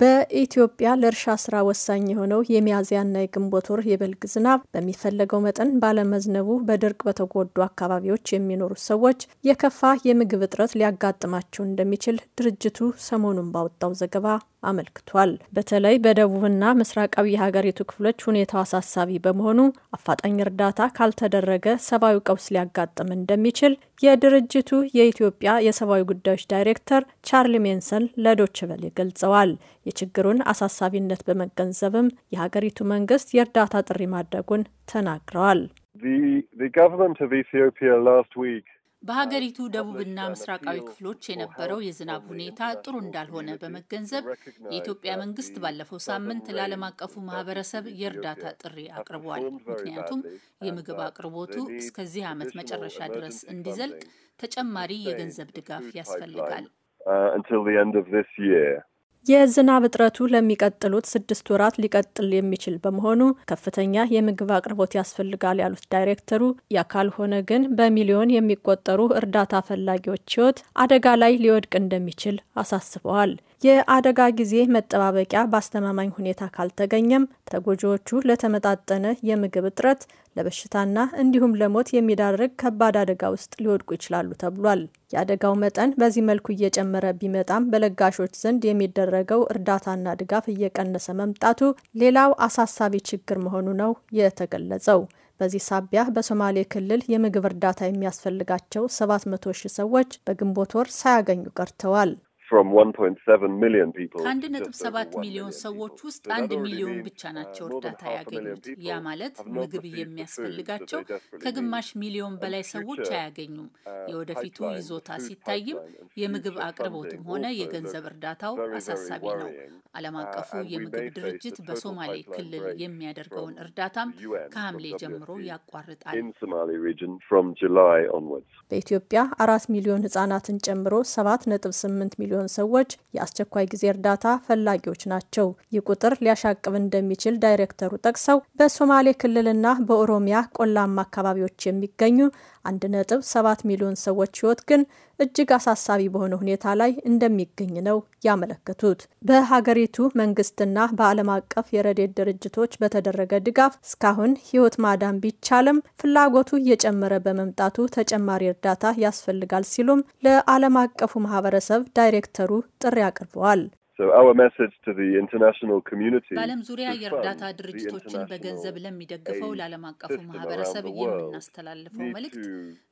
በኢትዮጵያ ለእርሻ ስራ ወሳኝ የሆነው የሚያዝያና የግንቦት ወር የበልግ ዝናብ በሚፈለገው መጠን ባለመዝነቡ በድርቅ በተጎዱ አካባቢዎች የሚኖሩ ሰዎች የከፋ የምግብ እጥረት ሊያጋጥማቸው እንደሚችል ድርጅቱ ሰሞኑን ባወጣው ዘገባ አመልክቷል። በተለይ በደቡብና ምስራቃዊ የሀገሪቱ ክፍሎች ሁኔታው አሳሳቢ በመሆኑ አፋጣኝ እርዳታ ካልተደረገ ሰብአዊ ቀውስ ሊያጋጥም እንደሚችል የድርጅቱ የኢትዮጵያ የሰብአዊ ጉዳዮች ዳይሬክተር ቻርሊ ሜንሰን ለዶችቨሌ ገልጸዋል። የችግሩን አሳሳቢነት በመገንዘብም የሀገሪቱ መንግስት የእርዳታ ጥሪ ማድረጉን ተናግረዋል። በሀገሪቱ ደቡብና uh, ምስራቃዊ ክፍሎች የነበረው የዝናብ ሁኔታ ጥሩ እንዳልሆነ በመገንዘብ የኢትዮጵያ መንግስት ባለፈው ሳምንት ለዓለም አቀፉ ማህበረሰብ የእርዳታ ጥሪ አቅርቧል። ምክንያቱም የምግብ አቅርቦቱ እስከዚህ ዓመት መጨረሻ ድረስ እንዲዘልቅ ተጨማሪ የገንዘብ ድጋፍ ያስፈልጋል። uh, የዝናብ እጥረቱ ለሚቀጥሉት ስድስት ወራት ሊቀጥል የሚችል በመሆኑ ከፍተኛ የምግብ አቅርቦት ያስፈልጋል ያሉት ዳይሬክተሩ ያ ካልሆነ ግን በሚሊዮን የሚቆጠሩ እርዳታ ፈላጊዎች ሕይወት አደጋ ላይ ሊወድቅ እንደሚችል አሳስበዋል። የአደጋ ጊዜ መጠባበቂያ በአስተማማኝ ሁኔታ ካልተገኘም ተጎጂዎቹ ለተመጣጠነ የምግብ እጥረት፣ ለበሽታና እንዲሁም ለሞት የሚዳርግ ከባድ አደጋ ውስጥ ሊወድቁ ይችላሉ ተብሏል። የአደጋው መጠን በዚህ መልኩ እየጨመረ ቢመጣም በለጋሾች ዘንድ የሚደረ የሚደረገው እርዳታና ድጋፍ እየቀነሰ መምጣቱ ሌላው አሳሳቢ ችግር መሆኑ ነው የተገለጸው። በዚህ ሳቢያ በሶማሌ ክልል የምግብ እርዳታ የሚያስፈልጋቸው 700 ሺህ ሰዎች በግንቦት ወር ሳያገኙ ቀርተዋል። ከአንድ ነጥብ ሰባት ሚሊዮን ሰዎች ውስጥ አንድ ሚሊዮን ብቻ uh, ናቸው እርዳታ ያገኙት። ያ ማለት ምግብ የሚያስፈልጋቸው ከግማሽ ሚሊዮን በላይ ሰዎች አያገኙም። uh, የወደፊቱ ይዞታ ሲታይም የምግብ አቅርቦትም ሆነ የገንዘብ እርዳታው አሳሳቢ ነው። ዓለም uh, አቀፉ የምግብ ድርጅት በሶማሌ ክልል የሚያደርገውን እርዳታም ከሐምሌ ጀምሮ ያቋርጣል። በኢትዮጵያ አራት ሚሊዮን ህጻናትን ጨምሮ ሰባት ነጥብ ስምንት ሚሊዮን ሚሊዮን ሰዎች የአስቸኳይ ጊዜ እርዳታ ፈላጊዎች ናቸው። ይህ ቁጥር ሊያሻቅብ እንደሚችል ዳይሬክተሩ ጠቅሰው በሶማሌ ክልልና በኦሮሚያ ቆላማ አካባቢዎች የሚገኙ 1.7 ሚሊዮን ሰዎች ህይወት ግን እጅግ አሳሳቢ በሆነ ሁኔታ ላይ እንደሚገኝ ነው ያመለከቱት። በሀገሪቱ መንግስትና በዓለም አቀፍ የረዴት ድርጅቶች በተደረገ ድጋፍ እስካሁን ህይወት ማዳን ቢቻልም ፍላጎቱ እየጨመረ በመምጣቱ ተጨማሪ እርዳታ ያስፈልጋል ሲሉም ለዓለም አቀፉ ማህበረሰብ ዳይሬክተር ዳይሬክተሩ ጥሪ አቅርበዋል። በዓለም ዙሪያ የእርዳታ ድርጅቶችን በገንዘብ ለሚደግፈው ለዓለም አቀፉ ማህበረሰብ የምናስተላልፈው መልእክት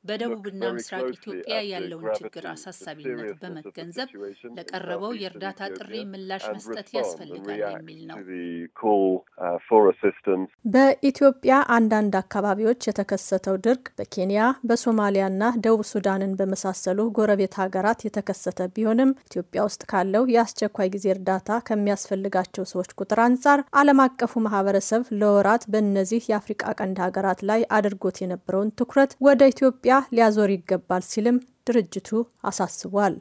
በደቡብና ምስራቅ ኢትዮጵያ ያለውን ችግር አሳሳቢነት በመገንዘብ ለቀረበው የእርዳታ ጥሪ ምላሽ መስጠት ያስፈልጋል የሚል ነው። uh, በኢትዮጵያ አንዳንድ አካባቢዎች የተከሰተው ድርቅ በኬንያ በሶማሊያና ደቡብ ሱዳንን በመሳሰሉ ጎረቤት ሀገራት የተከሰተ ቢሆንም ኢትዮጵያ ውስጥ ካለው የአስቸኳይ ጊዜ ጊዜ እርዳታ ከሚያስፈልጋቸው ሰዎች ቁጥር አንጻር ዓለም አቀፉ ማህበረሰብ ለወራት በእነዚህ የአፍሪቃ ቀንድ ሀገራት ላይ አድርጎት የነበረውን ትኩረት ወደ ኢትዮጵያ ሊያዞር ይገባል ሲልም ድርጅቱ አሳስቧል።